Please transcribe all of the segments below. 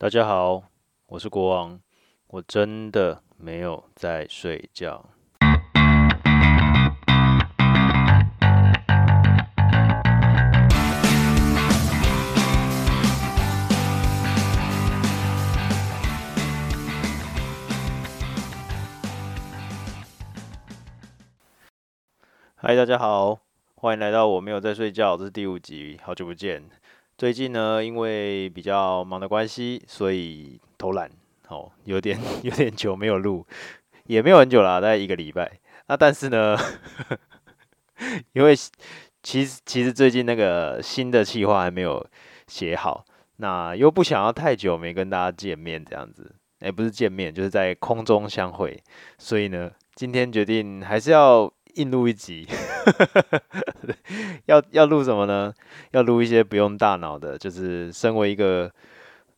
大家好，我是國王，我真的沒有在睡覺。嗨，大家好，歡迎來到我沒有在睡覺，這是第五集，好久不見。最近呢，因為比較忙的關係，所以偷懶哦，有點有點久沒有錄，也沒有很久啦，啊，大概一個禮拜。那，啊，但是呢，呵呵因為其實其實最近那個新的企劃還沒有寫好，那又不想要太久沒跟大家見面這樣子，哎，欸，不是見面，就是在空中相會，所以呢，今天決定還是要。硬錄一集 要，要要錄什麼呢？要錄一些不用大腦的，就是身為一個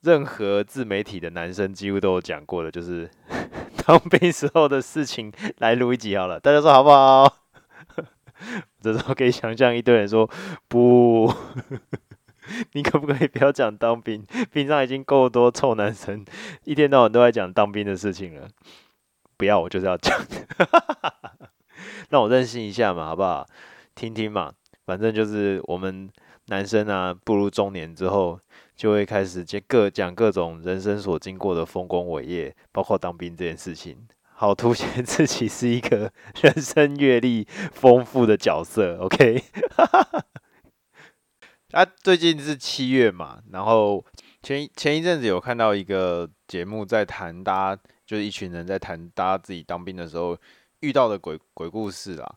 任何自媒體的男生，幾乎都有講過的，就是當兵時候的事情來錄一集好了。大家說好不好？ 這時候可以想象一堆人說：“不， 你可不可以不要講當兵？平常已經夠多臭男生，一天到晚都在講當兵的事情了，不要，我就是要講。”讓我任性一下嘛，好不好？聽聽嘛，反正就是我們男生啊，步入中年之後，就會開始接各講各種人生所經過的豐功偉業，包括當兵這件事情，好凸顯自己是一個人生閱歷豐富的角色。OK， 啊，最近是七月嘛，然後前前一陣子有看到一個節目在談大家，就是一群人在談大家自己當兵的時候。遇到的鬼鬼故事啊，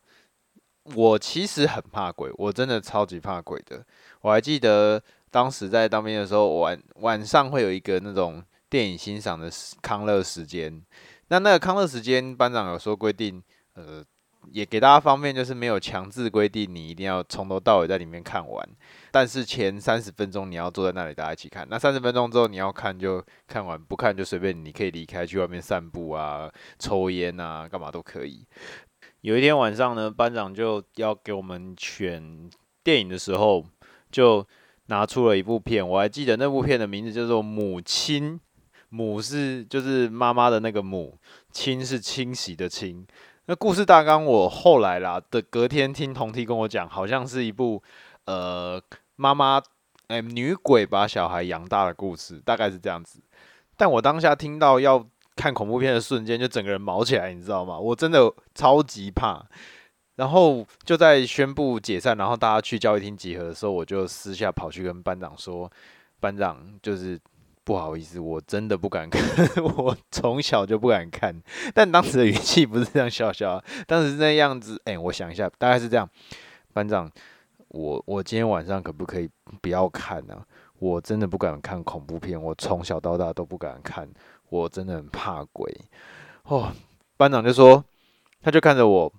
我其實很怕鬼，我真的超級怕鬼的。我還記得當時在當兵的時候，晚晚上會有一個那種電影欣賞的康樂時間，那那個康樂時間班長有說規定，呃。也給大家方便，就是沒有強制規定你一定要從頭到尾在裡面看完，但是前三十分鐘你要坐在那裡，大家一起看。那三十分鐘之後你要看就看完，不看就隨便，你可以離開去外面散步啊、抽菸啊、幹嘛都可以。有一天晚上呢，班長就要給我們選電影的時候，就拿出了一部片，我還記得那部片的名字叫做《母親》，母是就是媽媽的那個母，親是親戚的親。那故事大綱，我後來啦的隔天聽同梯跟我講，好像是一部呃媽媽誒女鬼把小孩養大的故事，大概是這樣子。但我當下聽到要看恐怖片的瞬間，就整個人毛起來，你知道嗎？我真的超級怕。然後就在宣布解散，然後大家去教育廳集合的時候，我就私下跑去跟班長說，班長就是。不好意思，我真的不敢看， 我從小就不敢看。但當時的語氣不是這樣，笑笑、啊。當時是那樣子，哎、欸，我想一下，大概是這樣。班長，我我今天晚上可不可以不要看呢、啊？我真的不敢看恐怖片，我從小到大都不敢看，我真的很怕鬼。哦，班長就說，他就看着我。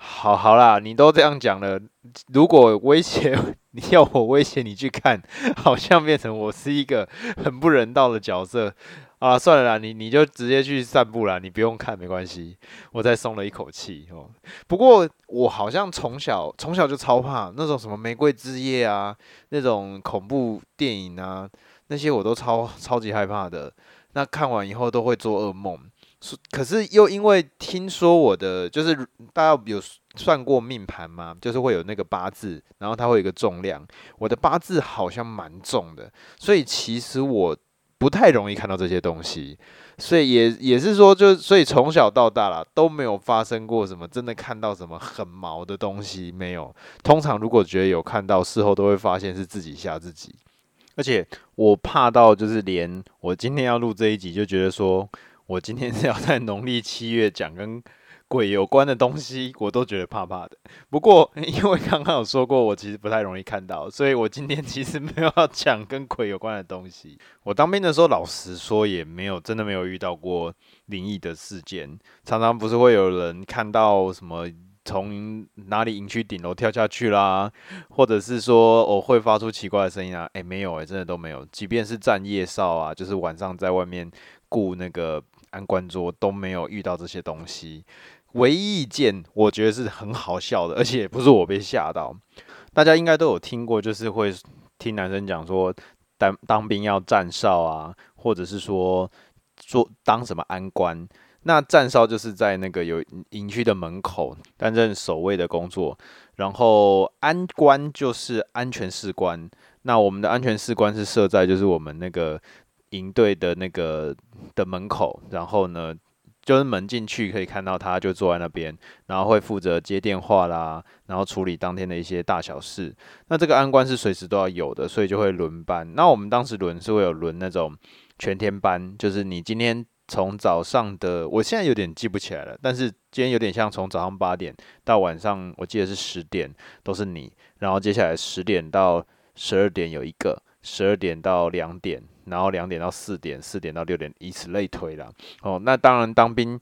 好好啦，你都這樣講了，如果威脅你要我威脅你去看，好像變成我是一個很不人道的角色啊！算了啦，你你就直接去散步啦，你不用看沒關係，我再鬆了一口氣哦、喔。不過我好像從小從小就超怕那種什麼玫瑰之夜啊，那種恐怖電影啊，那些我都超超級害怕的。那看完以後都會做噩夢。是，可是又因為聽說我的就是大家有算過命盤嗎？就是會有那個八字，然後它會有一個重量。我的八字好像蠻重的，所以其實我不太容易看到這些東西。所以也也是說就，就所以從小到大啦，都沒有發生過什麼，真的看到什麼很毛的東西沒有。通常如果覺得有看到，事後都會發現是自己嚇自己。而且我怕到就是連我今天要錄這一集，就覺得說。我今天是要在農曆七月講跟鬼有關的東西，我都覺得怕怕的。不過因為剛剛有說過，我其實不太容易看到，所以我今天其實沒有要講跟鬼有關的東西。我當兵的時候，老實說也沒有真的沒有遇到過靈異的事件。常常不是會有人看到什麼從哪裡營區頂樓跳下去啦，或者是說我、哦、會發出奇怪的聲音啊。誒、欸，沒有誒、欸，真的都沒有。即便是站夜哨啊，就是晚上在外面顧那個。安官桌，都沒有遇到這些東西，唯一一件我覺得是很好笑的，而且也不是我被嚇到，大家應該都有聽過，就是會聽男生講說，當當兵要站哨啊，或者是說做當什麼安官，那站哨就是在那個有營區的門口擔任守衛的工作，然後安官就是安全士官，那我們的安全士官是設在就是我們那個。營隊的那個的門口，然後呢，就是門進去可以看到，他就坐在那邊，然後會負責接電話啦，然後處理當天的一些大小事。那這個安官是隨時都要有的，所以就會輪班。那我們當時輪是會有輪那種全天班，就是你今天從早上的，我現在有點記不起來了，但是今天有點像從早上八點到晚上，我記得是十點都是你，然後接下來十點到十二點有一個，十二點到兩點。然後兩點到四點，四點到六點，以此類推啦。哦，那當然當兵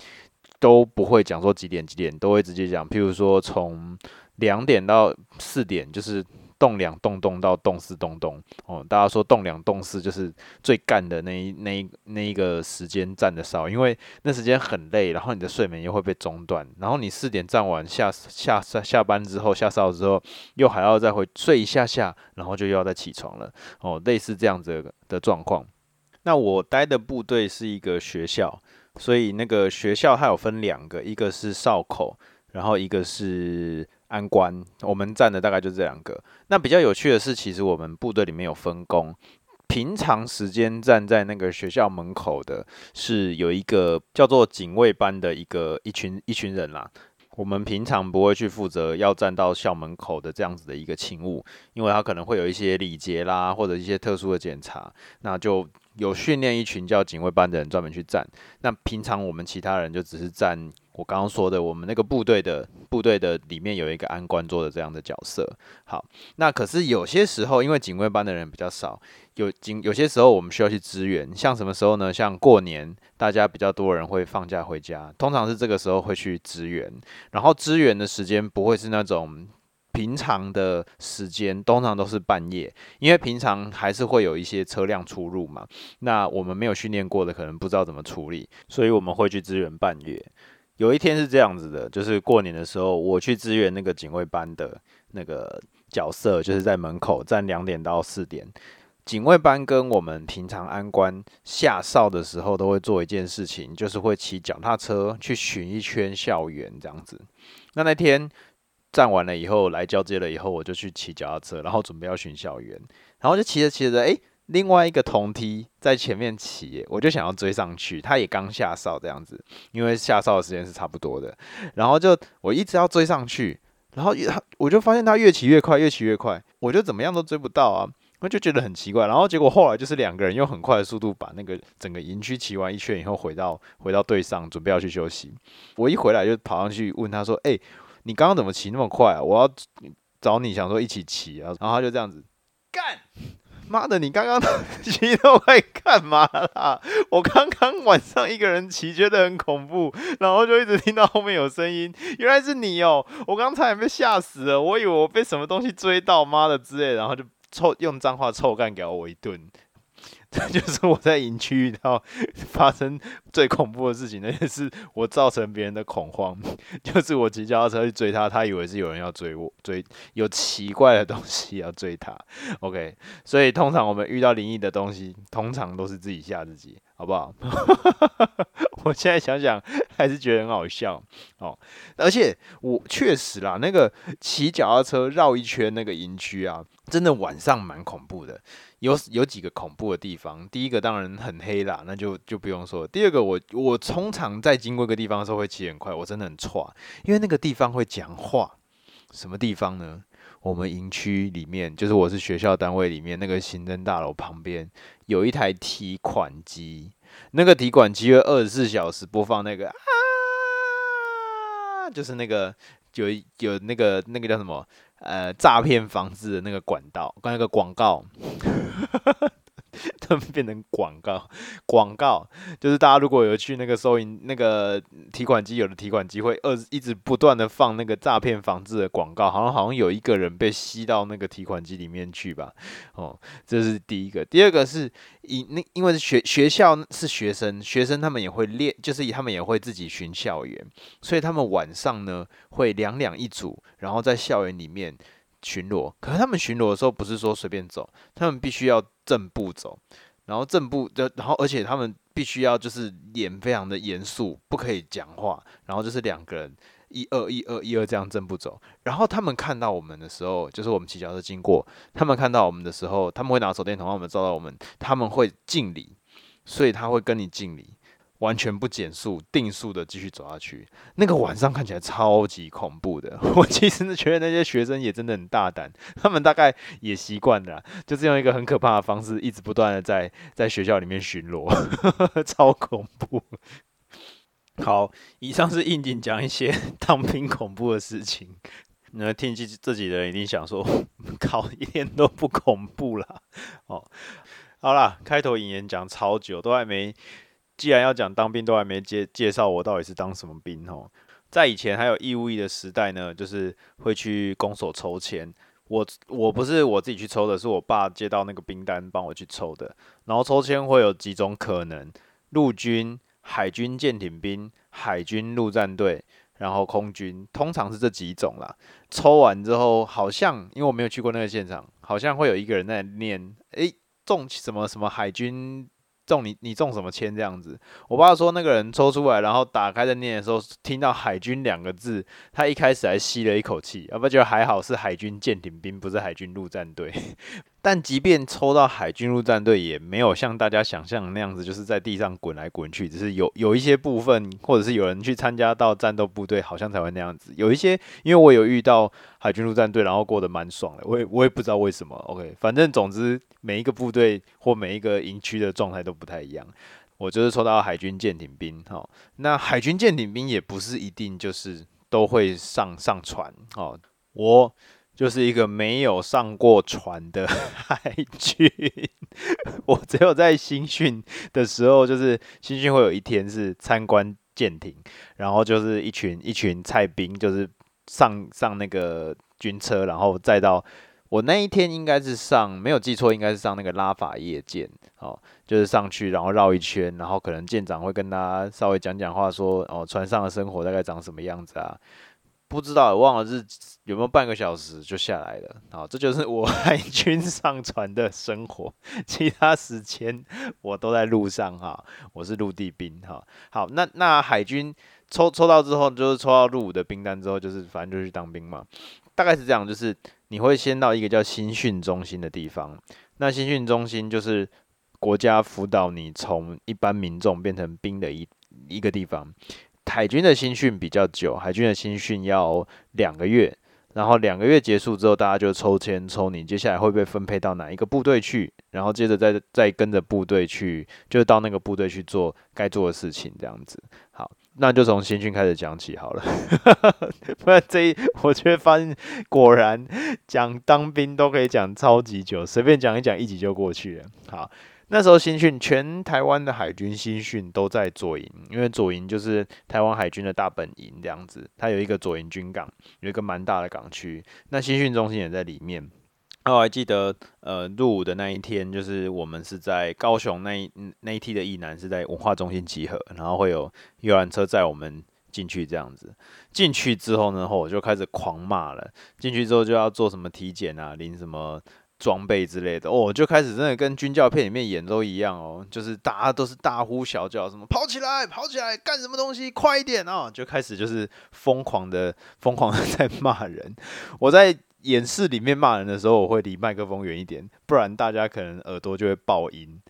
都不會講說幾點幾點，都會直接講，譬如說從兩點到四點就是。動兩動，動到動四動動哦，大家說動兩動，四就是最幹的那一那一那一個時間站的哨，因為那時間很累，然後你的睡眠又會被中斷，然後你四點站完下下下下班之後下哨之後，又還要再回睡一下下，然後就又要再起床了哦，類似這樣子的狀況。那我待的部隊是一個學校，所以那個學校它有分兩個，一個是哨口，然後一個是。安官，我們站的大概就這兩個。那比較有趣的是，其實我們部隊裡面有分工，平常時間站在那個學校門口的，是有一個叫做警衛班的一個一群一群人啦。我們平常不會去負責要站到校門口的這樣子的一個勤務，因為他可能會有一些禮節啦，或者一些特殊的檢查，那就。有訓練一群叫警衛班的人專門去站，那平常我們其他人就只是站。我剛剛說的，我們那個部隊的部隊的裡面有一個安官做的這樣的角色。好，那可是有些時候，因為警衛班的人比較少，有警有些時候我們需要去支援。像什麼時候呢？像過年，大家比較多人會放假回家，通常是這個時候會去支援。然後支援的時間不會是那種。平常的時間通常都是半夜，因為平常還是會有一些車輛出入嘛。那我們沒有訓練過的，可能不知道怎麼處理，所以我們會去支援半夜。有一天是這樣子的，就是過年的時候，我去支援那個警衛班的那個角色，就是在門口站兩點到四點。警衛班跟我們平常安官下哨的時候，都會做一件事情，就是會騎腳踏車去巡一圈校園這樣子。那那天。站完了以後，來交接了以後，我就去騎腳踏車，然後準備要巡校園，然後就騎着騎着，哎，另外一個同梯在前面騎，我就想要追上去，他也剛下哨這樣子，因為下哨的時間是差不多的，然後就我一直要追上去，然後他我就發現他越騎越快，越騎越快，我就怎麼樣都追不到啊，我就覺得很奇怪，然後結果後來就是兩個人用很快的速度把那個整個營區騎完一圈以後，回到回到隊上準備要去休息，我一回來就跑上去問他說，哎。你剛剛怎麼騎那麼快啊？我要找你想說一起騎啊，然後他就這樣子，幹，媽的，你剛剛騎那麼快，幹嘛啦！我剛剛晚上一個人騎，覺得很恐怖，然後就一直聽到後面有聲音，原來是你哦！我剛才還被嚇死了，我以為我被什麼東西追到，媽的之類的，然後就臭用髒話臭幹給我一頓。 就是我在營區遇到發生最恐怖的事情，那也是我造成別人的恐慌，就是我騎腳踏車去追他，他以為是有人要追我，追有奇怪的東西要追他。OK，所以通常我們遇到靈異的東西，通常都是自己嚇自己，好不好？ 我現在想想還是覺得很好笑哦。而且我確實啦，那個騎腳踏車繞一圈那個營區啊，真的晚上蠻恐怖的。有有幾個恐怖的地方，第一個當然很黑啦，那就就不用說。第二個我，我我通常在經過一個地方的時候會騎很快，我真的很挫，因為那個地方會講話。什麼地方呢？我們營區裡面，就是我是學校單位裡面那個行政大樓旁邊有一台提款機，那個提款機會二十四小時播放那個啊，就是那個有有那個那個叫什麼呃詐騙防治的那個管道跟那個廣告。哈哈，他們變成廣告。廣告就是大家如果有去那個收銀、那個提款機，有的提款機會二一直不斷的放那個詐騙防治的廣告。好像好像有一個人被吸到那個提款機裡面去吧？哦，這是第一個。第二個是以那因為學學校是學生，學生他們也會練，就是他們也會自己巡校園，所以他們晚上呢會兩兩一組，然後在校園裡面，巡邏，可是他們巡邏的時候不是說隨便走，他們必須要正步走，然後正步，就然後而且他們必須要就是臉非常的嚴肅，不可以講話，然後就是兩個人一二一二一二這樣正步走。然後他們看到我們的時候，就是我們騎腳車經過，他們看到我們的時候，他們會拿手電筒，我們照到我們，他們會敬禮，所以他會跟你敬禮。完全不減速，定速的繼續走下去。那個晚上看起來超級恐怖的。我其實是覺得那些學生也真的很大膽，他們大概也習慣了，就是用一個很可怕的方式，一直不斷的在在學校裡面巡邏， 超恐怖。好，以上是應景講一些當兵恐怖的事情。那聽這這幾個人一定想說，考一天都不恐怖啦。哦，好啦，開頭引言講超久，都還沒。既然要講當兵，都還沒介介紹我到底是當什麼兵齁。在以前還有義務役的時代呢，就是會去公所抽籤。我我不是我自己去抽的，是我爸接到那個兵單幫我去抽的。然後抽籤會有幾種可能：陸軍、海軍艦艇兵、海軍陸戰隊，然後空軍，通常是這幾種啦。抽完之後，好像因為我沒有去過那個現場，好像會有一個人在念：誒、欸，中什麼什麼海軍。中你你中什麼簽這樣子？我爸說那個人抽出來，然後打開在念的時候，聽到“海軍”兩個字，他一開始還吸了一口氣，啊，不就還好是海軍艦艇兵，不是海軍陸戰隊。 但即便抽到海軍陸戰隊，也沒有像大家想象的那樣子，就是在地上滾來滾去，只是有有一些部分，或者是有人去參加到戰鬥部隊，好像才會那樣子。有一些，因為我有遇到海軍陸戰隊，然後過得蠻爽的，我也我也不知道為什麼。OK，反正總之。每一個部隊或每一個營區的狀態都不太一樣。我就是抽到海軍艦艇兵，好，那海軍艦艇兵也不是一定就是都會上上船，好，我就是一個沒有上過船的海軍。我只有在新訓的時候，就是新訓會有一天是參觀艦艇，然後就是一群一群菜兵，就是上上那個軍車，然後再到。我那一天應該是上，沒有記錯，應該是上那個拉法葉艦，哦，就是上去然後繞一圈，然後可能艦長會跟大家稍微講講話說，說哦船上的生活大概長什麼樣子啊？不知道，也忘了是有沒有半個小時就下來了。好、哦，這就是我海軍上船的生活，其他時間我都在路上哈、哦。我是陸地兵哈、哦。好，那那海軍抽抽到之後，就是抽到入伍的兵單之後，就是反正就去當兵嘛。大概是這樣，就是你會先到一個叫新訓中心的地方。那新訓中心就是國家輔導你從一般民眾變成兵的一一個地方。海軍的新訓比較久，海軍的新訓要兩個月。然後兩個月結束之後，大家就抽籤抽你，接下來會被分配到哪一個部隊去，然後接着再再跟着部隊去，就到那個部隊去做該做的事情，這樣子。好。那就從新訓開始講起好了， 不然這一我卻發現，果然講當兵都可以講超級久，隨便講一講一集就過去了。好，那時候新訓全台灣的海軍新訓都在左營，因為左營就是台灣海軍的大本營這樣子，它有一個左營軍港，有一個蠻大的港區，那新訓中心也在裡面。啊、我還記得，呃，入伍的那一天，就是我們是在高雄那一那一梯的役男是在文化中心集合，然後會有遊覽車載我們進去，這樣子。進去之後呢，我就開始狂罵了。進去之後就要做什麼體檢啊，領什麼裝備之類的哦，就開始真的跟軍教片裡面演都一樣哦，就是大家都是大呼小叫，什麼跑起來，跑起來，幹什麼東西，快一點哦，就開始就是瘋狂的瘋狂的在罵人。我在。演示裡面罵人的時候，我會離麥克風遠一點，不然大家可能耳朵就會爆音。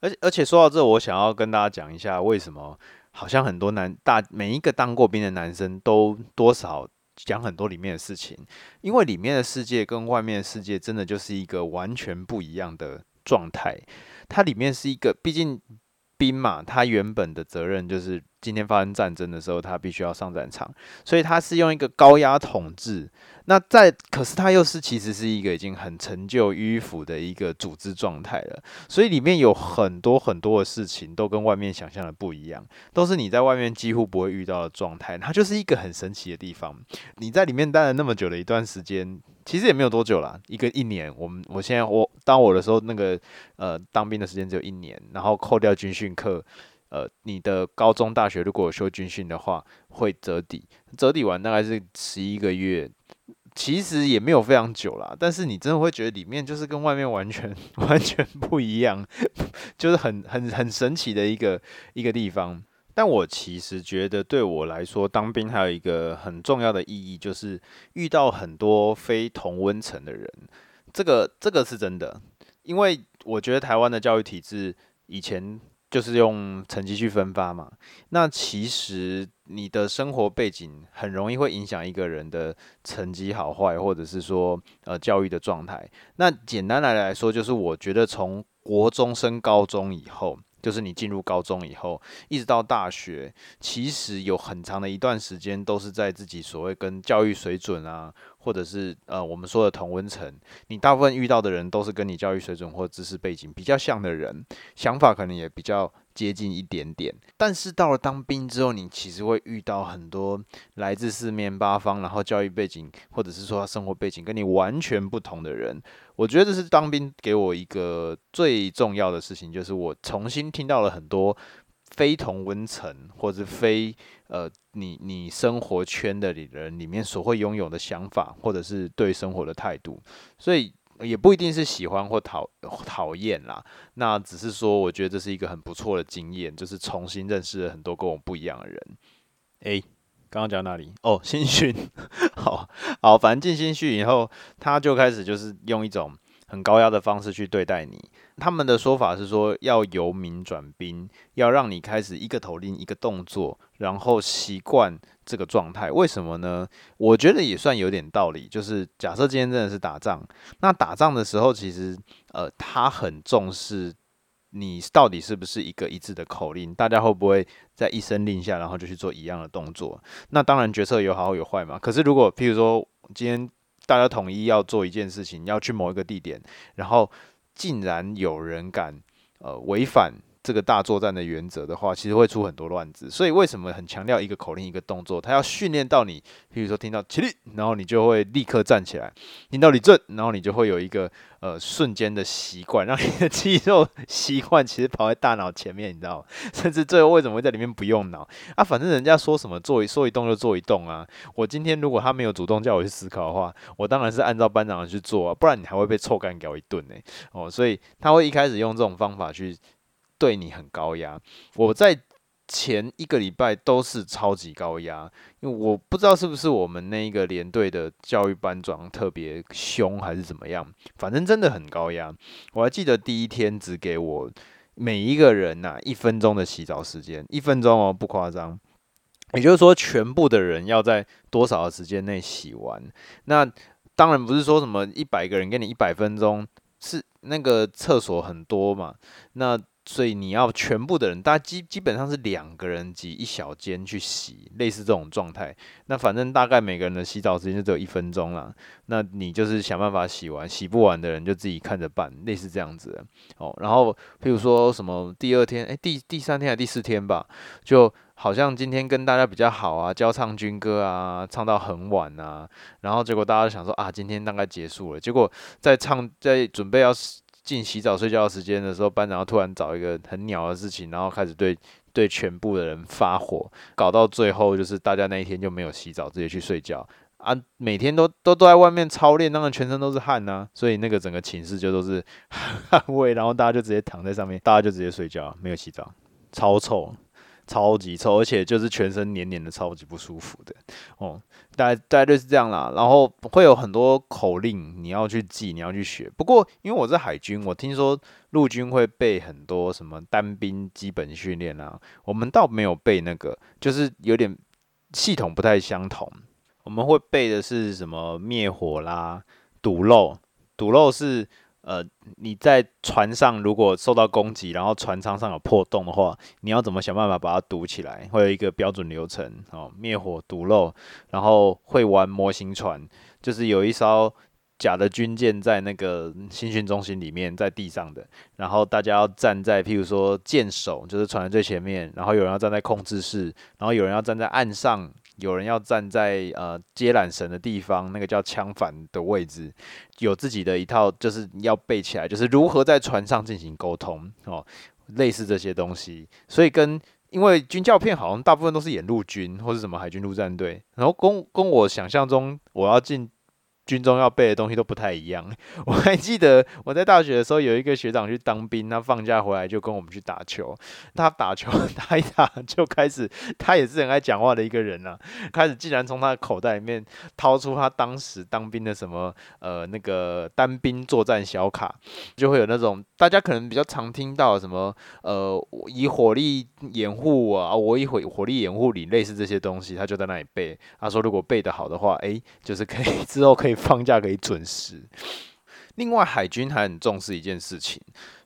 而且而且說到這，我想要跟大家講一下，為什麼好像很多男大每一個當過兵的男生都多少講很多裡面的事情，因為裡面的世界跟外面的世界真的就是一個完全不一樣的狀態。它裡面是一個，畢竟兵嘛，他原本的責任就是今天發生戰爭的時候，他必須要上戰場，所以他是用一個高壓統治。那在可是它又是其實是一個已經很陳舊迂腐的一個組織狀態了，所以裡面有很多很多的事情都跟外面想象的不一樣，都是你在外面幾乎不會遇到的狀態。它就是一個很神奇的地方。你在裡面待了那麼久的一段時間，其實也沒有多久啦。一個一年。我們我現在我當我的時候，那個呃當兵的時間只有一年，然後扣掉軍訓課，呃，你的高中大學如果有修軍訓的話，會折抵，折抵完大概是十一個月。其實也沒有非常久了，但是你真的會覺得裡面就是跟外面完全完全不一樣，就是很很很神奇的一個一個地方。但我其實覺得對我來說，當兵還有一個很重要的意義，就是遇到很多非同溫層的人，這個這個是真的，因為我覺得台灣的教育體制以前。就是用成績去分發嘛，那其實你的生活背景很容易會影響一個人的成績好壞，或者是說呃教育的狀態。那簡單來來說，就是我覺得從國中升高中以後，就是你進入高中以後，一直到大學，其實有很長的一段時間都是在自己所謂跟教育水準啊。或者是呃，我們說的同溫層，你大部分遇到的人都是跟你教育水準或知識背景比較像的人，想法可能也比較接近一點點。但是到了當兵之後，你其實會遇到很多來自四面八方，然後教育背景或者是說生活背景跟你完全不同的人。我覺得這是當兵給我一個最重要的事情，就是我重新聽到了很多。非同溫層，或者是非呃，你你生活圈的裡人裡面所會擁有的想法，或者是對生活的態度，所以也不一定是喜歡或討討厭啦。那只是說，我覺得這是一個很不錯的經驗，就是重新認識了很多跟我不一樣的人。誒、欸，剛剛講到哪裡？哦、oh,，新 訓，好好，反正進新訓以後，他就開始就是用一種。很高壓的方式去對待你，他們的說法是說要由民轉兵，要讓你開始一個口令一個動作，然後習慣這個狀態。為什麼呢？我覺得也算有點道理。就是假設今天真的是打仗，那打仗的時候其實呃，他很重視你到底是不是一個一致的口令，大家會不會在一聲令下，然後就去做一樣的動作。那當然決策有好有壞嘛。可是如果譬如說今天，大家統一要做一件事情，要去某一個地點，然後竟然有人敢呃違反。這個大作戰的原則的話，其實會出很多亂子。所以為什麼很強調一個口令一個動作？他要訓練到你，譬如說聽到起立，然後你就會立刻站起來；聽到立正，然後你就會有一個呃瞬間的習慣，讓你的肌肉習慣其實跑在大腦前面，你知道嗎？甚至最後為什麼會在裡面不用腦啊？反正人家說什麼做一說一動就做一動啊。我今天如果他沒有主動叫我去思考的話，我當然是按照班長的去做，啊，不然你還會被臭幹譙一頓呢。哦，所以他會一開始用這種方法去。對你很高壓，我在前一個禮拜都是超級高壓，因為我不知道是不是我們那一個連隊的教育班長特別凶還是怎麼樣，反正真的很高壓。我還記得第一天只給我每一個人吶、啊、一分鐘的洗澡時間，一分鐘哦不誇張，也就是說全部的人要在多少的時間內洗完。那當然不是說什麼一百個人給你一百分鐘，是那個廁所很多嘛，那。所以你要全部的人，大家基基本上是兩個人擠一小間去洗，類似這種狀態。那反正大概每個人的洗澡時間就只有一分鐘啦，那你就是想辦法洗完，洗不完的人就自己看着辦，類似這樣子。哦，然後譬如說什麼第二天，誒、欸，第第三天還是第四天吧，就好像今天跟大家比較好啊，教唱軍歌啊，唱到很晚啊，然後結果大家就想說啊，今天大概結束了，結果在唱，在準備要，進洗澡睡覺的時間的時候，班長要突然找一個很鳥的事情，然後開始對對全部的人發火，搞到最後就是大家那一天就沒有洗澡，直接去睡覺啊！每天都都都在外面操練，那個全身都是汗吶，所以那個整個寢室就都是汗味，然後大家就直接躺在上面，大家就直接睡覺，沒有洗澡，超臭。超級臭，而且就是全身黏黏的，超級不舒服的哦。大概大概就是這樣啦。然後會有很多口令，你要去記，你要去學。不過因為我是海軍，我聽說陸軍會背很多什麼單兵基本訓練啦，我們倒沒有背那個，就是有點系統不太相同。我們會背的是什麼滅火啦、堵漏。堵漏是。呃，你在船上如果受到攻擊，然後船艙上有破洞的話，你要怎麼想辦法把它堵起來？會有一個標準流程哦，滅火、堵漏，然後會玩模型船，就是有一艘假的軍艦在那個新訓中心裡面，在地上的，然後大家要站在，譬如說艦首就是船的最前面，然後有人要站在控制室，然後有人要站在岸上。有人要站在，呃，接纜繩的地方，那個叫槍帆的位置，有自己的一套，就是要背起來，就是如何在船上進行溝通哦，類似這些東西。所以跟因為軍教片好像大部分都是演陸軍或是什麼海軍陸戰隊，然後跟跟我想象中我要進。軍中要背的東西都不太一樣。我還記得我在大學的時候，有一個學長去當兵，他放假回來就跟我們去打球。他打球打一打就開始，他也是很愛講話的一個人啊，開始竟然從他的口袋裡面掏出他當時當兵的什麼呃那個單兵作戰小卡，就會有那種大家可能比較常聽到什麼呃以火力掩護啊，啊，我以火火力掩護你，類似這些東西，他就在那裡背。他說如果背得好的話，哎、欸，就是可以之後可以，放假可以準時。另外，海軍還很重視一件事情，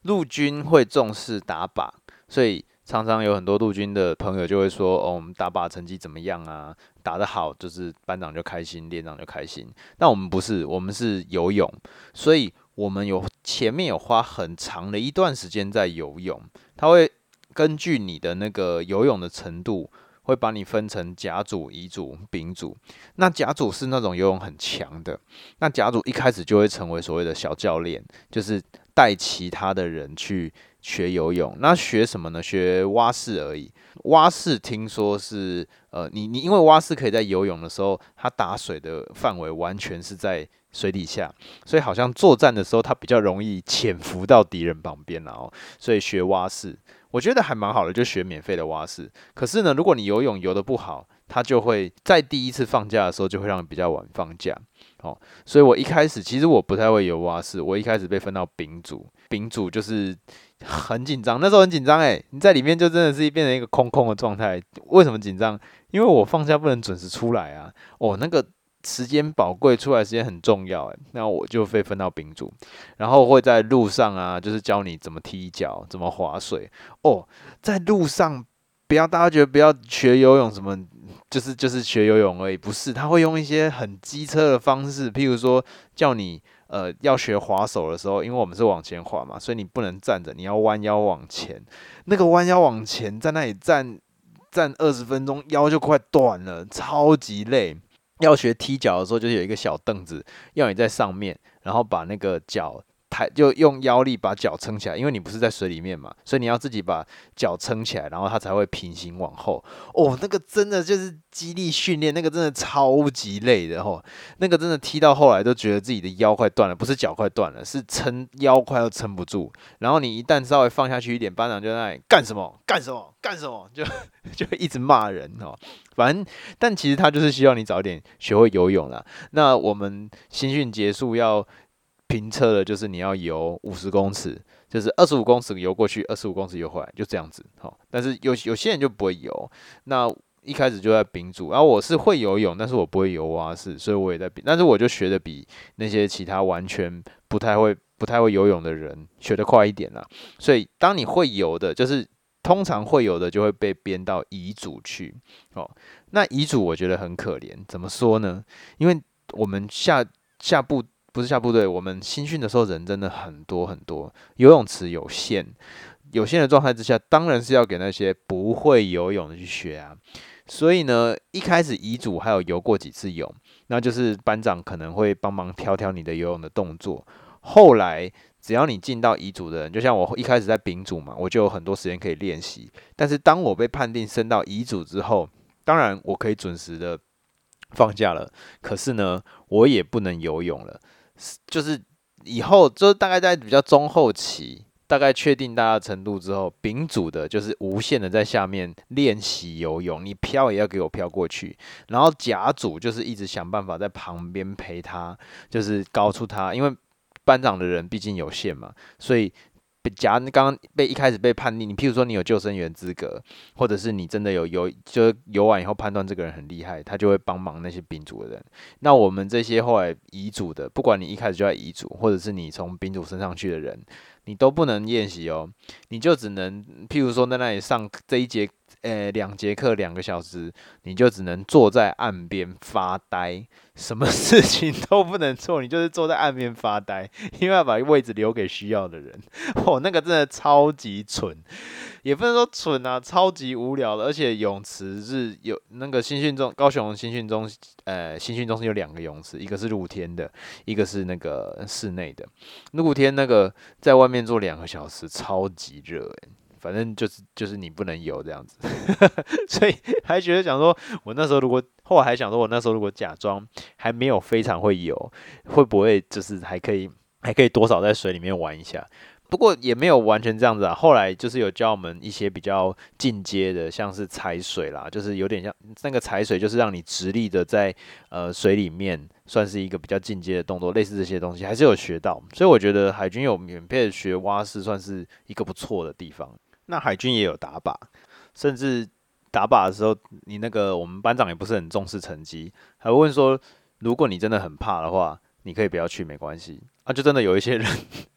陸軍會重視打靶，所以常常有很多陸軍的朋友就會說：“哦，我們打靶成績怎麼樣啊？打得好，就是班長就開心，連長就開心。”但我們不是，我們是游泳，所以我們有前面有花很長的一段時間在游泳。他會根據你的那個游泳的程度。會把你分成甲組、乙組、丙組。那甲組是那種游泳很強的，那甲組一開始就會成為所謂的小教練，就是帶其他的人去學游泳。那學什麼呢？學蛙式而已。蛙式聽說是呃，你你因為蛙式可以在游泳的時候，它打水的範圍完全是在水底下，所以好像作戰的時候它比較容易潛伏到敵人旁邊啦哦，然後所以學蛙式。我覺得還蠻好的，就學免費的蛙式。可是呢，如果你游泳游得不好，它就會在第一次放假的時候就會讓你比較晚放假。哦，所以我一開始其實我不太會游蛙式。我一開始被分到丙組，丙組就是很緊張，那時候很緊張哎、欸。你在裡面就真的是變成一個空空的狀態。為什麼緊張？因為我放假不能準時出來啊。哦，那個。時間寶貴，出來時間很重要哎，那我就會分到丙組，然後會在路上啊，就是教你怎麼踢腳，怎麼划水哦。在路上，不要大家覺得不要學游泳什麼，就是就是學游泳而已，不是。他會用一些很機車的方式，譬如說叫你呃要學划手的時候，因為我們是往前划嘛，所以你不能站着，你要彎腰往前。那個彎腰往前，在那裡站站二十分鐘，腰就快斷了，超級累。要學踢腳的時候，就是有一個小凳子，要你在上面，然後把那個腳。抬就用腰力把腳撐起來，因為你不是在水裡面嘛，所以你要自己把腳撐起來，然後它才會平行往後。哦，那個真的就是肌力訓練，那個真的超級累的吼。那個真的踢到後來都覺得自己的腰快斷了，不是腳快斷了，是撐腰快要撐不住。然後你一旦稍微放下去一點，班長就在那裡幹什麼幹什麼幹什麼，就 就一直罵人吼。反正，但其實他就是希望你早一點學會游泳了啊。那我們新訓結束要。評測的就是你要游五十公尺，就是二十五公尺游過去，二十五公尺游回來，就這樣子哦，但是有有些人就不會游，那一開始就在丙組。然、啊、後我是會游泳，但是我不會游蛙、啊、式，所以我也在丙。但是我就學得比那些其他完全不太會、不太會游泳的人學得快一點啦。所以當你會游的，就是通常會游的就會被編到乙組去。哦，那乙組我覺得很可憐，怎麼說呢？因為我們下下步。不是下部隊，我們新訓的時候人真的很多很多，游泳池有限，有限的狀態之下，當然是要給那些不會游泳的去學啊。所以呢，一開始乙組還有游過幾次泳，那就是班長可能會幫忙挑挑你的游泳的動作。後來只要你進到乙組的人，就像我一開始在丙組嘛，我就有很多時間可以練習。但是當我被判定升到乙組之後，當然我可以準時的放假了，可是呢，我也不能游泳了。就是以後，就是大概在比較中後期，大概確定大家的程度之後，丙組的就是無限的在下面練習游泳，你漂也要給我漂過去。然後甲組就是一直想辦法在旁邊陪他，就是告訴他，因為班長的人畢竟有限嘛，所以。被夾，你剛剛被一開始被判定。你譬如說，你有救生員資格，或者是你真的有游，就游完以後判斷這個人很厲害，他就會幫忙那些丙組的人。那我們這些後來乙組的，不管你一開始就在乙組，或者是你從丙組升上去的人，你都不能練習哦。你就只能譬如說，在那裡上這一節，呃，兩節課兩個小時，你就只能坐在岸邊發呆。什麼事情都不能做，你就是坐在岸邊發呆，因為要把位置留給需要的人。哦，那個真的超級蠢，也不能說蠢啊，超級無聊的，而且泳池是有那個新訓中，高雄新訓中，呃，新訓中心有兩個泳池，一個是露天的，一個是那個室內的。露天那個在外面坐兩個小時，超級熱欸。反正就是就是你不能游這樣子， 所以還覺得想說，我那時候如果後來還想說，我那時候如果假裝還沒有非常會游，會不會就是還可以還可以多少在水裡面玩一下？不過也沒有完全這樣子啊。後來就是有教我們一些比較進階的，像是踩水啦，就是有點像那個踩水，就是讓你直立的在呃水裡面，算是一個比較進階的動作，類似這些東西還是有學到。所以我覺得海軍有免費的學蛙式算是一個不錯的地方。那海軍也有打靶，甚至打靶的時候，你那個我們班長也不是很重視成績，還會問說，如果你真的很怕的話，你可以不要去，沒關係啊。就真的有一些人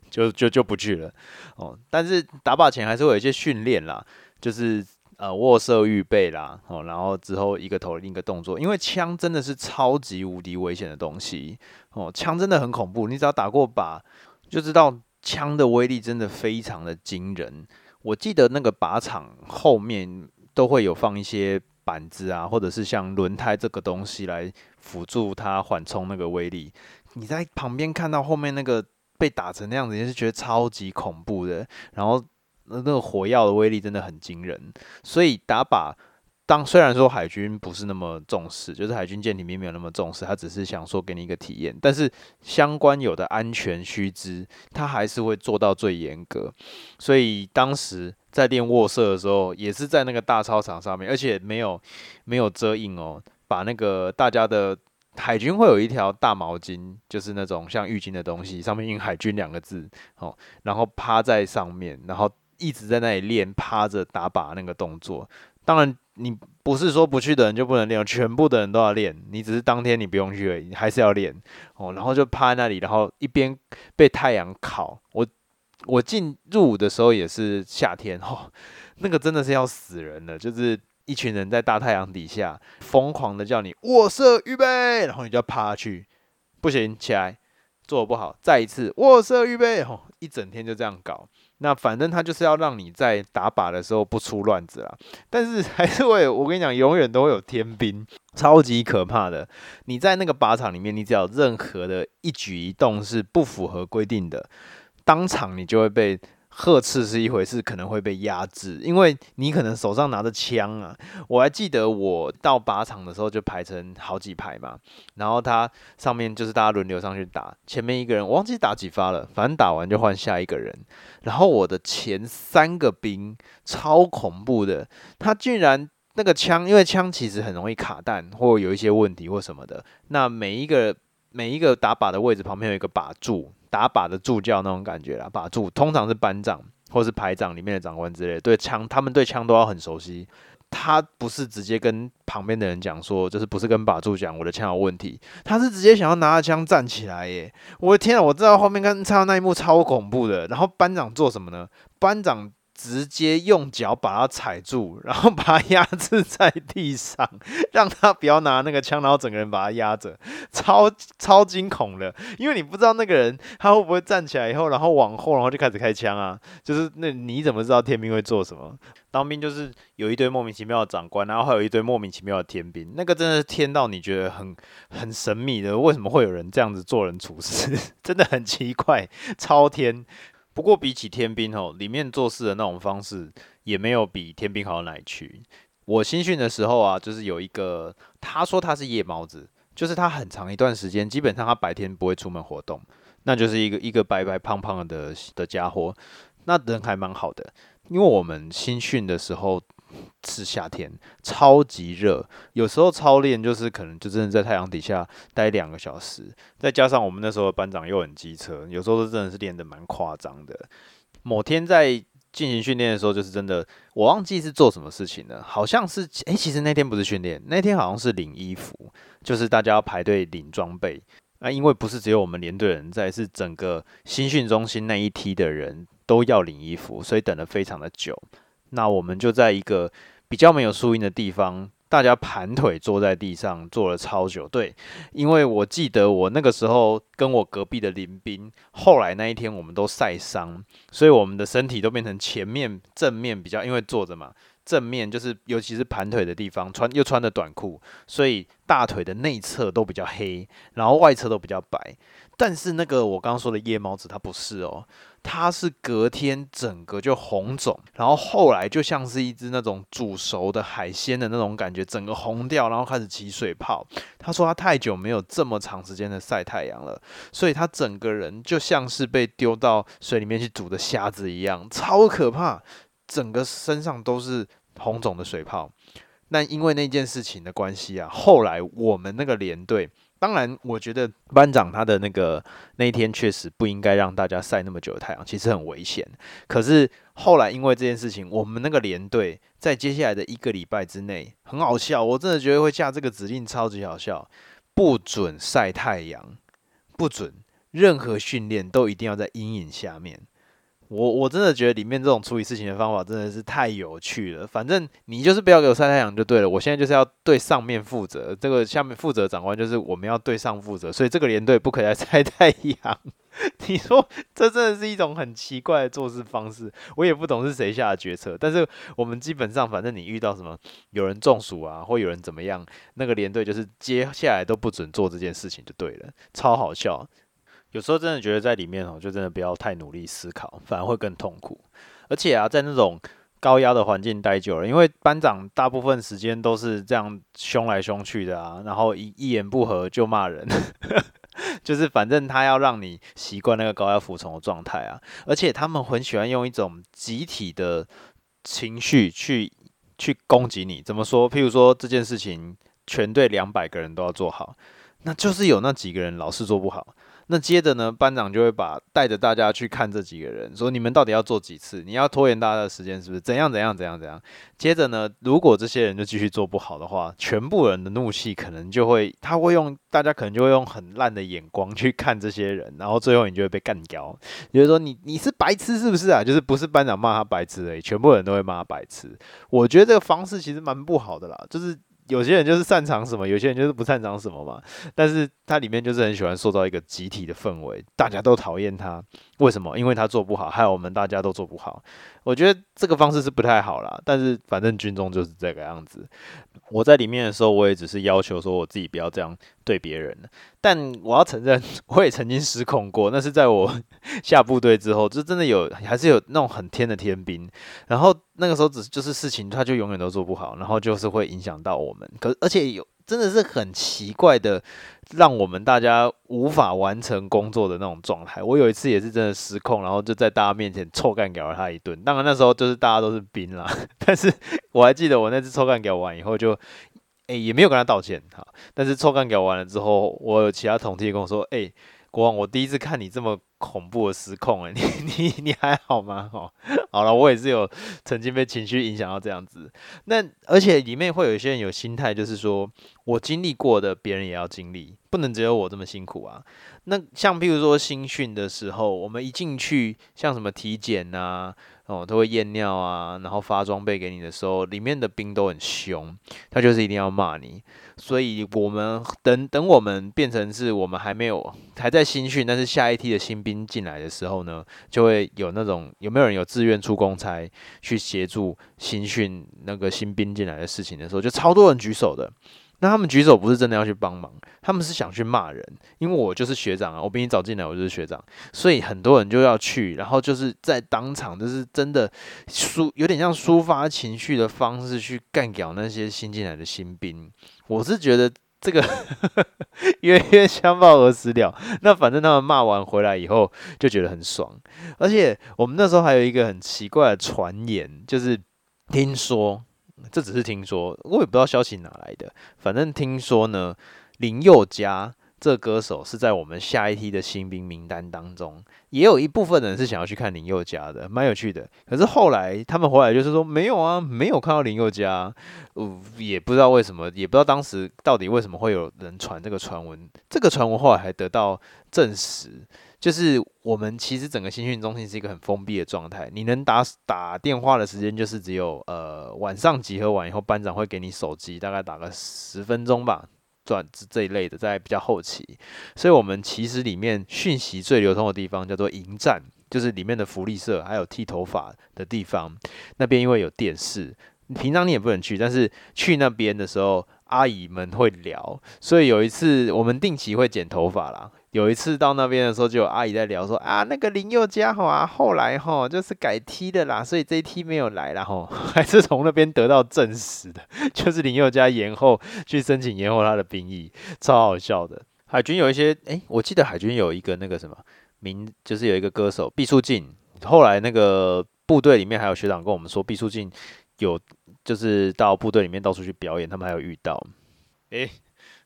就就就不去了哦。但是打靶前還是會有一些訓練啦，就是呃臥射預備啦哦，然後之後一個頭另一個動作，因為槍真的是超級無敵危險的東西哦，槍真的很恐怖，你只要打過靶就知道槍的威力真的非常的驚人。我記得那個靶場後面都會有放一些板子啊，或者是像輪胎這個東西來輔助它緩衝那個威力。你在旁邊看到後面那個被打成那樣子，也是覺得超級恐怖的。然後那那個火藥的威力真的很驚人，所以打靶。當雖然說海軍不是那麼重視，就是海軍艦艇並沒有那麼重視，他只是想說給你一個體驗，但是相關有的安全須知，他還是會做到最嚴格。所以當時在練臥射的時候，也是在那個大操場上面，而且沒有沒有遮陰哦，把那個大家的海軍會有一條大毛巾，就是那種像浴巾的東西，上面印海軍兩個字哦，然後趴在上面，然後一直在那裡練趴着打靶那個動作，當然。你不是說不去的人就不能練，全部的人都要練。你只是當天你不用去而已，你還是要練哦。然後就趴在那裡，然後一邊被太陽烤。我我進入伍的時候也是夏天吼、哦，那個真的是要死人了。就是一群人在大太陽底下瘋狂的叫你臥射預備，然後你就趴下去，不行起來，做得不好，再一次臥射預備吼、哦，一整天就這樣搞。那反正他就是要讓你在打靶的時候不出亂子啦，但是還是會，我跟你講，永遠都會有天兵，超級可怕的。你在那個靶場裡面，你只要任何的一舉一動是不符合規定的，當場你就會被，呵斥是一回事，可能會被壓制，因為你可能手上拿着槍啊。我還記得我到靶場的時候就排成好幾排嘛，然後他上面就是大家輪流上去打，前面一個人，我忘記打幾發了，反正打完就換下一個人。然後我的前三個兵超恐怖的，他居然那個槍，因為槍其實很容易卡彈或有一些問題或什麼的，那每一個每一個打靶的位置旁邊有一個靶柱。打靶的助教那種感覺啦，靶助通常是班長或是排長裡面的長官之類。對槍，他們對槍都要很熟悉。他不是直接跟旁邊的人講說，就是不是跟靶助講我的槍有問題，他是直接想要拿着槍站起來耶！我的天啊，我知道後面跟看到那一幕超恐怖的。然後班長做什麼呢？班長。直接用腳把他踩住，然後把他壓制在地上，讓他不要拿那個槍，然後整個人把他壓着，超超驚恐的，因為你不知道那個人他會不會站起來以後，然後往後，然後就開始開槍啊，就是那你怎麼知道天兵會做什麼？當兵就是有一堆莫名其妙的長官，然後還有一堆莫名其妙的天兵，那個真的是天到你覺得很很神秘的，為什麼會有人這樣子做人處事，真的很奇怪，超天。不過比起天兵哦，裡面做事的那種方式，也沒有比天兵好到哪裡去。我新訓的時候啊，就是有一個，他說他是夜貓子，就是他很長一段時間，基本上他白天不會出門活動，那就是一個一個白白胖胖的的家伙，那人還蠻好的。因為我們新訓的時候，是夏天，超級熱。有時候操練就是可能就真的在太陽底下待兩個小時，再加上我們那時候班長又很機車，有時候真的是練得蠻誇張的。某天在進行訓練的時候，就是真的，我忘記是做什麼事情了，好像是誒、欸，其實那天不是訓練，那天好像是領衣服，就是大家要排隊領裝備。那、啊、因為不是只有我們連隊人在，是整個新訓中心那一梯的人都要領衣服，所以等了非常的久。那我們就在一個比較沒有樹蔭的地方，大家盤腿坐在地上坐了超久。對，因為我記得我那個時候跟我隔壁的林兵，後來那一天我們都曬傷，所以我們的身體都變成前面正面比較，因為坐着嘛，正面就是尤其是盤腿的地方，穿又穿的短褲，所以大腿的內側都比較黑，然後外側都比較白。但是那個我剛剛說的夜貓子他不是哦。他是隔天整個就紅腫，然後後來就像是一隻那種煮熟的海鮮的那種感覺，整個紅掉，然後開始起水泡。他說他太久沒有這麼長時間的曬太陽了，所以他整個人就像是被丟到水裡面去煮的蝦子一樣，超可怕，整個身上都是紅腫的水泡。那因為那件事情的關係啊，後來我們那個連隊。當然，我覺得班長他的那個那一天確實不應該讓大家曬那麼久的太陽，其實很危險。可是後來因為這件事情，我們那個連隊在接下來的一個禮拜之內，很好笑，我真的覺得會下這個指令超級好笑，不准曬太陽，不准任何訓練都一定要在陰影下面。我我真的覺得裡面這種處理事情的方法真的是太有趣了。反正你就是不要給我曬太陽就對了。我現在就是要對上面負責，這個下面負責的長官就是我們要對上負責，所以這個連隊不可以再曬太陽。 你說這真的是一種很奇怪的做事方式，我也不懂是誰下的決策。但是我們基本上，反正你遇到什麼有人中暑啊，或有人怎麼樣，那個連隊就是接下來都不准做這件事情就對了，超好笑。有時候真的覺得在裡面哦，就真的不要太努力思考，反而會更痛苦。而且啊，在那種高壓的環境待久了，因為班長大部分時間都是這樣兇來兇去的啊，然後一一言不合就罵人， 就是反正他要讓你習慣那個高壓服從的狀態啊。而且他們很喜歡用一種集體的情緒去去攻擊你。怎麼說？譬如說這件事情，全隊兩百個人都要做好，那就是有那幾個人老是做不好。那接着呢，班長就會把帶着大家去看這幾個人，說你們到底要做幾次？你要拖延大家的時間是不是？怎樣怎樣怎樣怎樣？接着呢，如果這些人就繼續做不好的話，全部人的怒氣可能就會，他會用大家可能就會用很爛的眼光去看這些人，然後最後你就會被幹掉，就是說你你是白痴是不是啊？就是不是班長罵他白痴，哎，全部人都會罵他白痴。我覺得這個方式其實蠻不好的啦，就是。有些人就是擅長什麼，有些人就是不擅長什麼嘛。但是他裡面就是很喜歡塑造一個集體的氛圍，大家都討厭他。為什麼？因為他做不好，害我們大家都做不好。我覺得這個方式是不太好啦。但是反正軍中就是這個樣子。我在裡面的時候，我也只是要求說我自己不要這樣對別人。但我要承認，我也曾經失控過。那是在我下部隊之後，就真的有還是有那種很天的天兵。然後那個時候只是，只就是事情他就永遠都做不好，然後就是會影響到我們。可而且有。真的是很奇怪的，讓我們大家無法完成工作的那種狀態。我有一次也是真的失控，然後就在大家面前臭幹譙了他一頓。當然那時候就是大家都是兵啦，但是我還記得我那次臭幹譙完以後就，就、欸、誒也沒有跟他道歉哈。但是臭幹譙完了之後，我有其他同梯跟我說：“誒、欸，國王，我第一次看你這麼。”恐怖的失控哎，你你你還好嗎？好、哦，好了，我也是有曾經被情緒影響到這樣子。那而且裡面會有一些人有心態，就是說我經歷過的，別人也要經歷，不能只有我這麼辛苦啊。那像譬如說新訓的時候，我們一進去，像什麼體檢吶、啊，哦，都會驗尿啊，然後發裝備給你的時候，裡面的兵都很兇，他就是一定要罵你。所以我們等等，等我們變成是我們還沒有，還在新訓，但是下一梯的新兵。新進來的時候呢，就會有那種有沒有人有自願出公差去協助新訓那個新兵進來的事情的時候，就超多人舉手的。那他們舉手不是真的要去幫忙，他們是想去罵人，因為我就是學長啊，我比你早進來，我就是學長，所以很多人就要去，然後就是在當場，就是真的抒有點像抒發情緒的方式去幹掉那些新進來的新兵。我是覺得。這個冤 冤相報何時了？那反正他們罵完回來以後就覺得很爽，而且我們那時候還有一個很奇怪的傳言，就是聽說，這只是聽說，我也不知道消息哪來的，反正聽說呢，林宥嘉。這歌手是在我們下一梯的新兵名單當中，也有一部分人是想要去看林宥嘉的，蠻有趣的。可是後來他們回來就是說沒有啊，沒有看到林宥嘉，呃、嗯，也不知道為什麼，也不知道當時到底為什麼會有人傳這個傳聞。這個傳聞後來還得到證實，就是我們其實整個新訓中心是一個很封閉的狀態，你能打打電話的時間就是只有呃晚上集合完以後，班長會給你手機，大概打個十分鐘吧。轉這一類的，在比較後期，所以我們其實裡面訊息最流通的地方叫做營站，就是裡面的福利社，還有剃頭髮的地方，那邊因為有電視，平常你也不能去，但是去那邊的時候，阿姨們會聊，所以有一次我們定期會剪頭髮啦。有一次到那邊的時候，就有阿姨在聊說啊，那個林宥嘉吼、啊，後來吼就是改梯的啦，所以這一梯沒有來了吼，還是從那邊得到證實的，就是林宥嘉延後去申請延後他的兵役，超好笑的。海軍有一些誒、欸，我記得海軍有一個那個什麼名，就是有一個歌手畢書盡，後來那個部隊裡面還有學長跟我們說，畢書盡有就是到部隊裡面到處去表演，他們還有遇到誒。欸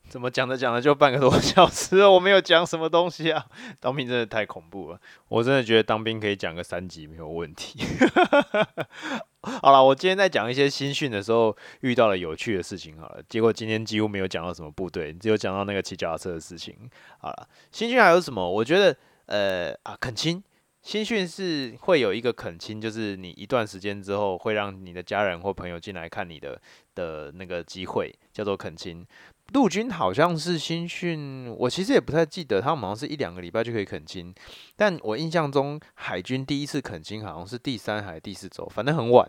怎麼講着講着就半個多小時了？我沒有講什麼東西啊！當兵真的太恐怖了，我真的覺得當兵可以講個三集沒有問題。 好了，我今天在講一些新訓的時候遇到了有趣的事情。好了，結果今天幾乎沒有講到什麼部隊，只有講到那個騎腳踏車的事情。好了，新訓還有什麼？我覺得呃啊懇親，新訓是會有一個懇親，就是你一段時間之後會讓你的家人或朋友進來看你的的那個機會，叫做懇親。陸軍好像是新訓，我其實也不太記得，他們好像是一兩個禮拜就可以懇親，但我印象中海軍第一次懇親好像是第三還是第四週，反正很晚。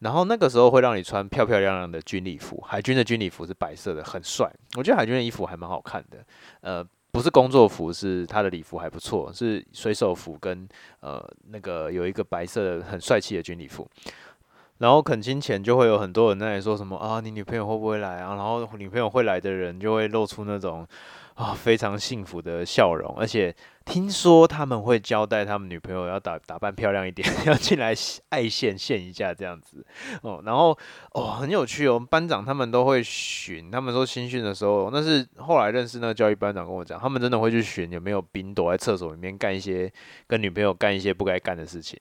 然後那個時候會讓你穿漂漂亮亮的軍禮服，海軍的軍禮服是白色的，很帥。我覺得海軍的衣服還蠻好看的，呃，不是工作服，是他的禮服還不錯，是水手服跟呃那個有一個白色的很帥氣的軍禮服。然後懇親前就會有很多人在那裡說什麼啊，你女朋友會不會來啊？然後女朋友會來的人就會露出那種啊非常幸福的笑容，而且聽說他們會交代他們女朋友要打打扮漂亮一點，要進來愛現現一下這樣子哦。然後哦很有趣哦，我們班長他們都會巡，他們說新訓的時候，那是後來認識那個教育班長跟我講，他們真的會去巡有沒有兵躲在廁所裡面幹一些跟女朋友幹一些不該幹的事情。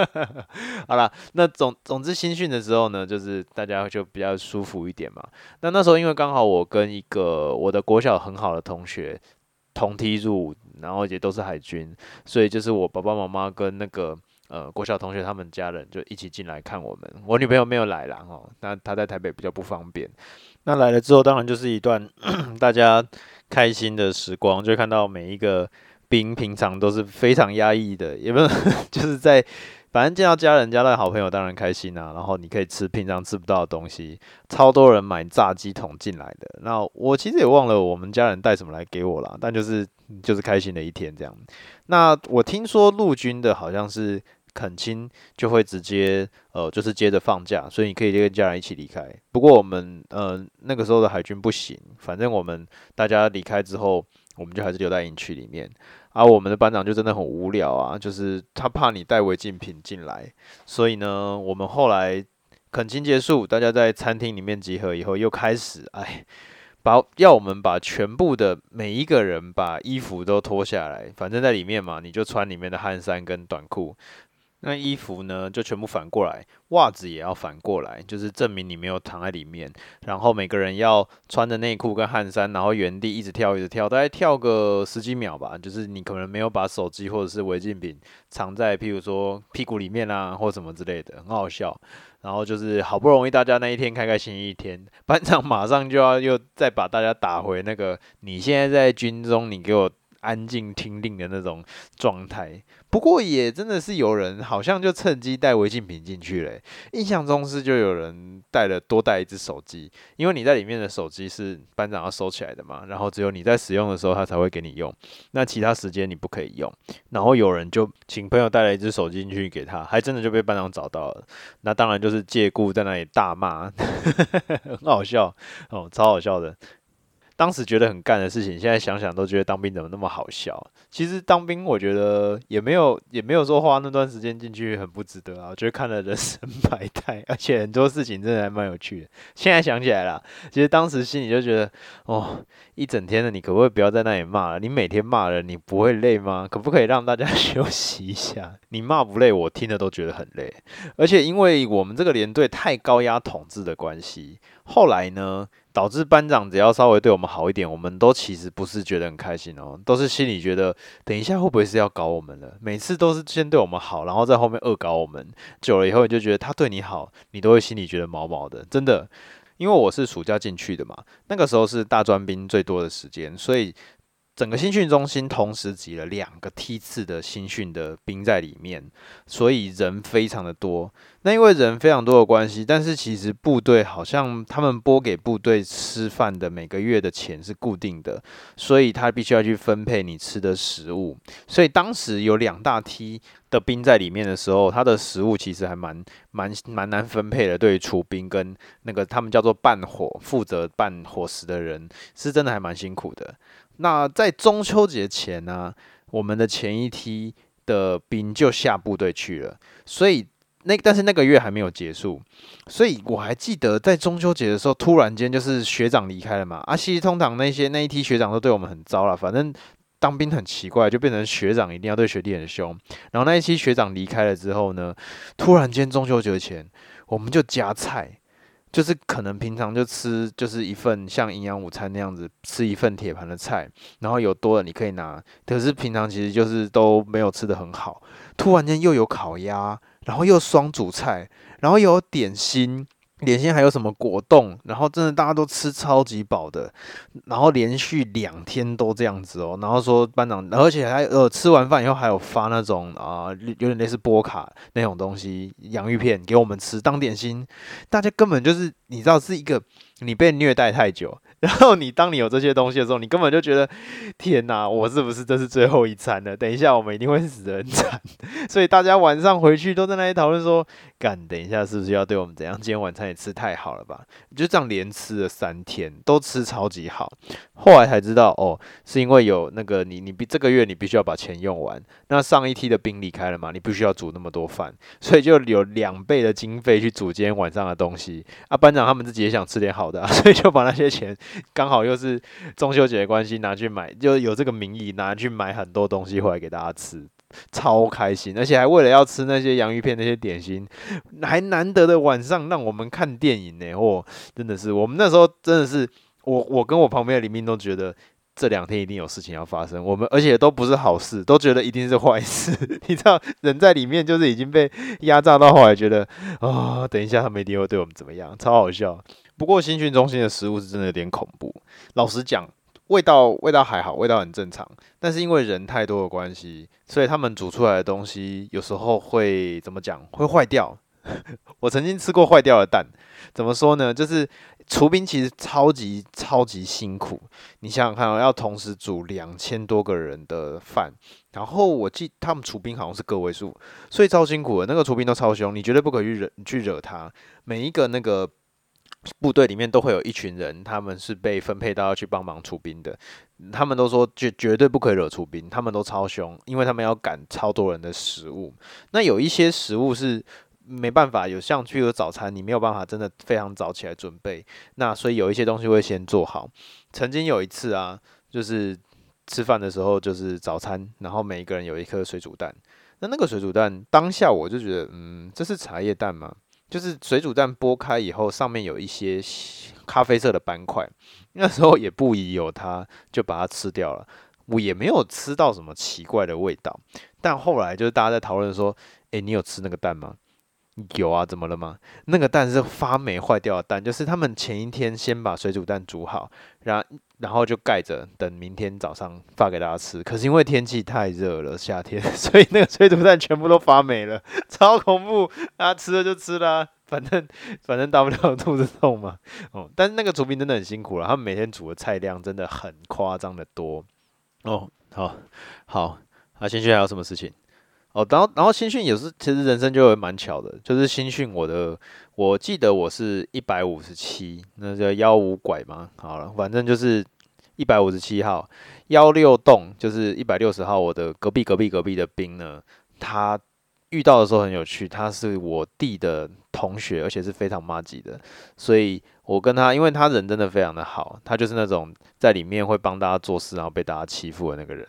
好了，那總總之新訓的時候呢，就是大家就比較舒服一點嘛。那那時候因為剛好我跟一個我的國小很好的同學同梯入伍，然後也都是海軍，所以就是我爸爸媽媽跟那個呃國小同學他們家人就一起進來看我們。我女朋友沒有來，然後那她在台北比較不方便。那來了之後，當然就是一段 大家開心的時光，就看到每一個。兵平常都是非常壓抑的，也不是就是在，反正見到家人、家的好朋友，當然開心啊。然後你可以吃平常吃不到的東西，超多人買炸雞桶進來的。那我其實也忘了我們家人帶什麼來給我啦，但就是就是開心的一天這樣。那我聽說陸軍的好像是懇親就會直接呃就是接着放假，所以你可以跟家人一起離開。不過我們呃那個時候的海軍不行，反正我們大家離開之後，我們就還是留在營區裡面。啊，我們的班長就真的很無聊啊，就是他怕你帶違禁品進來，所以呢，我們後來懇親結束，大家在餐廳裡面集合以後，又開始哎，把要我們把全部的每一個人把衣服都脫下來，反正在裡面嘛，你就穿裡面的汗衫跟短褲。那衣服呢，就全部反過來，襪子也要反過來，就是證明你沒有躺在裡面。然後每個人要穿著內褲跟汗衫，然後原地一直跳，一直跳，大概跳個十幾秒吧。就是你可能沒有把手機或者是違禁品藏在，譬如說屁股裡面啊或什麼之類的，很好笑。然後就是好不容易大家那一天開開心心一天，班長馬上就要又再把大家打回那個你現在在軍中，你給我安靜聽令的那種狀態。不過也真的是有人好像就趁機帶違禁品進去嘞、欸，印象中是就有人帶了多帶一隻手機，因為你在裡面的手機是班長要收起來的嘛，然後只有你在使用的時候他才會給你用，那其他時間你不可以用，然後有人就請朋友帶了一隻手機進去給他，還真的就被班長找到了，那當然就是借故在那裡大罵， 很好笑哦，超好笑的。當時覺得很幹的事情，現在想想都覺得當兵怎麼那麼好笑？其實當兵我覺得也沒有，也沒有說花那段時間進去很不值得啊。我覺得看了人生百態，而且很多事情真的還蠻有趣的。現在想起來了，其實當時心裡就覺得，哦，一整天的你可不可以不要在那裡罵了？你每天罵人，你不會累嗎？可不可以讓大家休息一下？你罵不累，我聽了都覺得很累。而且因為我們這個連隊太高壓統治的關係，後來呢，導致班長只要稍微對我們好一點，我們都其實不是覺得很開心哦，都是心裡覺得等一下會不會是要搞我們了。每次都是先對我們好，然後在後面惡搞我們。久了以後，你就覺得他對你好，你都會心裡覺得毛毛的。真的，因為我是暑假進去的嘛，那個時候是大專兵最多的時間，所以。整個新訓中心同時擠了兩個梯次的新訓的兵在裡面，所以人非常的多。那因為人非常多的關係，但是其實部隊好像他們撥給部隊吃飯的每個月的錢是固定的，所以他必須要去分配你吃的食物。所以當時有兩大梯的兵在裡面的時候，他的食物其實還蠻蠻蠻難分配的。對於廚兵跟那個他們叫做辦伙負責辦伙食的人，是真的還蠻辛苦的。那在中秋節前呢、啊，我們的前一批的兵就下部隊去了，所以那但是那個月還沒有結束，所以我還記得在中秋節的時候，突然間就是學長離開了嘛，啊，其實通常那些那一批學長都對我們很糟了，反正當兵很奇怪，就變成學長一定要對學弟很凶，然後那一期學長離開了之後呢，突然間中秋節前我們就加菜。就是可能平常就吃，就是一份像營養午餐那樣子，吃一份鐵盤的菜，然後有多的你可以拿。可是平常其實就是都沒有吃得很好，突然間又有烤鴨，然後又雙主菜，然後有點心。點心還有什麼果凍，然後真的大家都吃超級飽的，然後連續兩天都這樣子哦。然後說班長，而且還、呃、吃完飯以後還有發那種啊、呃，有點類似波卡那種東西，洋芋片給我們吃當點心。大家根本就是你知道，是一個你被虐待太久，然後你當你有這些東西的時候，你根本就覺得天哪，我是不是這是最後一餐了？等一下我們一定會死的很慘。所以大家晚上回去都在那裡討論說。幹，等一下是不是要對我們怎樣？今天晚餐也吃太好了吧？你就這樣連吃了三天，都吃超級好。後來才知道，哦，是因為有那個你你必這個月你必須要把錢用完。那上一梯的兵離開了嘛，你必須要煮那麼多飯，所以就有兩倍的經費去煮今天晚上的東西。啊，班長他們自己也想吃點好的，啊，所以就把那些錢剛好又是中秋節的關係拿去買，就有這個名義拿去買很多東西回來給大家吃。超開心，而且還為了要吃那些洋芋片那些點心，還難得的晚上讓我們看電影呢。嚯、哦，真的是，我們那時候真的是，我我跟我旁邊的林明都覺得這兩天一定有事情要發生，我們而且都不是好事，都覺得一定是壞事。你知道，人在裡面就是已經被壓榨到後來，覺得啊、哦，等一下他們一定會對我們怎麼樣，超好笑。不過新訓中心的食物是真的有點恐怖，老實講。味道味道還好，味道很正常。但是因為人太多的關係，所以他們煮出來的東西有時候會怎麼講？會壞掉。 我曾經吃過壞掉的蛋。怎麼說呢？就是廚兵其實超級超級辛苦。你想想看，哦，要同時煮兩千多個人的飯，然後我記得他們廚兵好像是個位數，所以超辛苦的。那個廚兵都超凶，你絕對不可以去惹，你去惹他。每一個那個。部隊裡面都會有一群人，他們是被分配到要去幫忙炊兵的。他們都說絕絕對不可以惹炊兵，他們都超凶，因為他們要趕超多人的食物。那有一些食物是沒辦法，有像去和早餐，你沒有辦法真的非常早起來準備。那所以有一些東西會先做好。曾經有一次啊，就是吃飯的時候，就是早餐，然後每一個人有一顆水煮蛋。那那個水煮蛋，當下我就覺得，嗯，這是茶葉蛋嗎？就是水煮蛋剝開以後，上面有一些咖啡色的斑塊，那時候也不疑有他，就把它吃掉了。我也沒有吃到什麼奇怪的味道，但後來就是大家在討論說，誒、欸，你有吃那個蛋嗎？有啊，怎麼了嗎？那個蛋是發霉壞掉的蛋，就是他們前一天先把水煮蛋煮好，然然後就蓋着，等明天早上發給大家吃。可是因為天氣太熱了，夏天，所以那個水煮蛋全部都發霉了，超恐怖。啊、大家吃了就吃了，啊，反正反正大不了肚子痛嘛。哦、嗯，但是那個廚兵真的很辛苦了，啊，他們每天煮的菜量真的很誇張的多。哦，好，好，阿新新還有什麼事情？哦，然後然後新訓也是，其實人生就會蠻巧的，就是新訓我的，我記得我是一百五十七，那叫幺五拐嗎？好了，反正就是一百五十七號，幺六洞就是一百六十號，我的隔壁隔壁隔壁的兵呢，他遇到的時候很有趣，他是我弟的。同學，而且是非常麻吉的，所以我跟他，因為他人真的非常的好，他就是那種在裡面會幫大家做事，然後被大家欺負的那個人，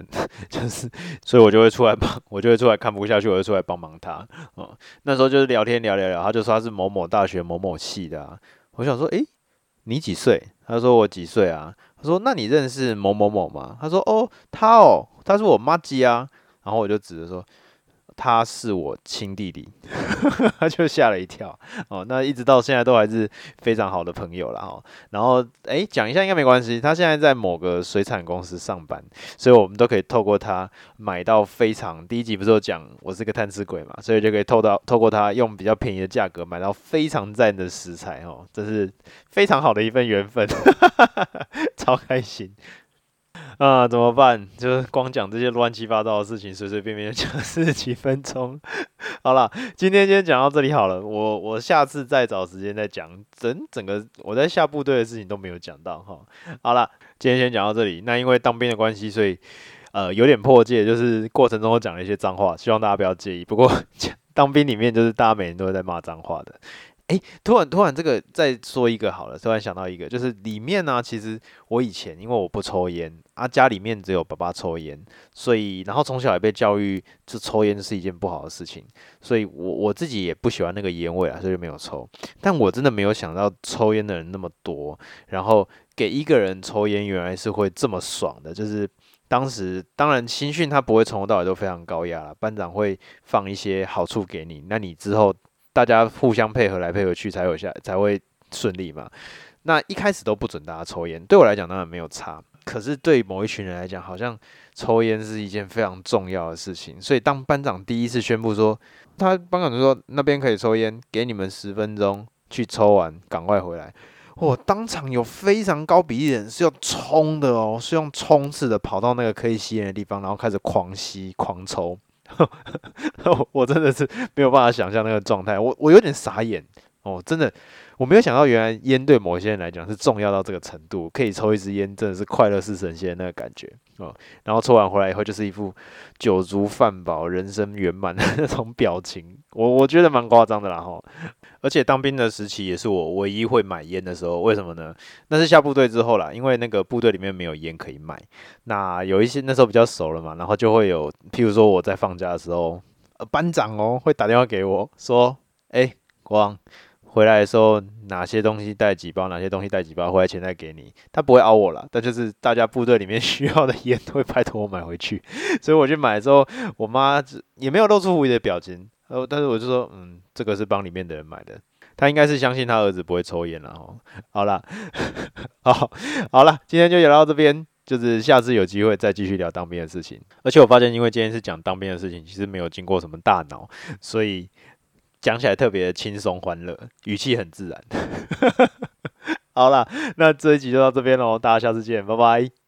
就是，所以我就會出來幫，我就會出來看不下去，我就出來幫忙他。哦、嗯，那時候就是聊天，聊聊聊，他就說他是某某大學某某系的、啊，我想說，誒、欸，你幾歲？他說我幾歲啊？他說那你認識某某某嗎？他說哦，他哦，他說我麻吉啊，然後我就指着說。他是我親弟弟， 他就嚇了一跳哦。那一直到現在都還是非常好的朋友了哦，然後誒，講一下應該沒關係。他現在在某個水產公司上班，所以我們都可以透過他買到非常，第一集不是有講我是個貪吃鬼嘛，所以就可以透到透過他用比較便宜的價格買到非常讚的食材哦，這是非常好的一份緣分， 超開心。啊、呃，怎麼辦？就是光講這些亂七八糟的事情，隨隨便便講四十幾分鐘。 好了，今天先講到這裡好了，我我下次再找時間再講整整個我在下部隊的事情都沒有講到哈。好了，今天先講到這裡。那因為當兵的關係，所以呃有點破戒，就是過程中我講了一些髒話，希望大家不要介意。不過當兵裡面就是大家每人都會在罵髒話的。誒、欸，突然突然這個再說一個好了，突然想到一個，就是裡面呢、啊，其實我以前因為我不抽菸啊，家裡面只有爸爸抽菸，所以然後從小也被教育，就抽菸是一件不好的事情，所以我我自己也不喜歡那個菸味啊，所以就沒有抽。但我真的沒有想到抽菸的人那麼多，然後給一個人抽菸原來是會這麼爽的，就是當時當然新訓他不會從頭到尾都非常高壓了，班長會放一些好處給你，那你之後。大家互相配合來配合去，才有效，才會順利嘛。那一開始都不准大家抽煙，對我來講當然沒有差，可是對某一群人來講，好像抽煙是一件非常重要的事情。所以當班長第一次宣布說，他班長就說那邊可以抽煙，給你們十分鐘去抽完，趕快回來。我、哦、當場有非常高比例人是要衝的哦，是用衝刺的跑到那個可以吸煙的地方，然後開始狂吸狂抽。 我真的是沒有辦法想象那個狀態，我我有點傻眼。哦，真的，我沒有想到，原來菸對某些人來講是重要到這個程度，可以抽一支菸，真的是快樂似神仙的那個感覺哦，然後抽完回來以後，就是一副酒足飯飽、人生圓滿的那種表情。我我覺得蠻誇張的啦哈！而且當兵的時期也是我唯一會買菸的時候，為什麼呢？那是下部隊之後啦，因為那個部隊裡面沒有菸可以買。那有一些那時候比較熟了嘛，然後就會有，譬如說我在放假的時候，呃，班長哦、喔、會打電話給我說：“哎、欸，國王。”回來的時候，哪些東西帶幾包，哪些東西帶幾包，回來錢再給你，他不會拗我了。但就是大家部隊裡面需要的菸，都會拜托我買回去。 所以我去買的時候，我媽也沒有露出狐疑的表情。呃，但是我就說，嗯，這個是幫裡面的人買的，他應該是相信他兒子不會抽菸了哦。好了， 好，好了，今天就聊到這邊，就是下次有機會再繼續聊當兵的事情。而且我發現，因為今天是講當兵的事情，其實沒有經過什麼大腦，所以。講起來特別輕鬆歡樂，語氣很自然。 好啦，那這一集就到這邊嘍，大家下次見，拜拜。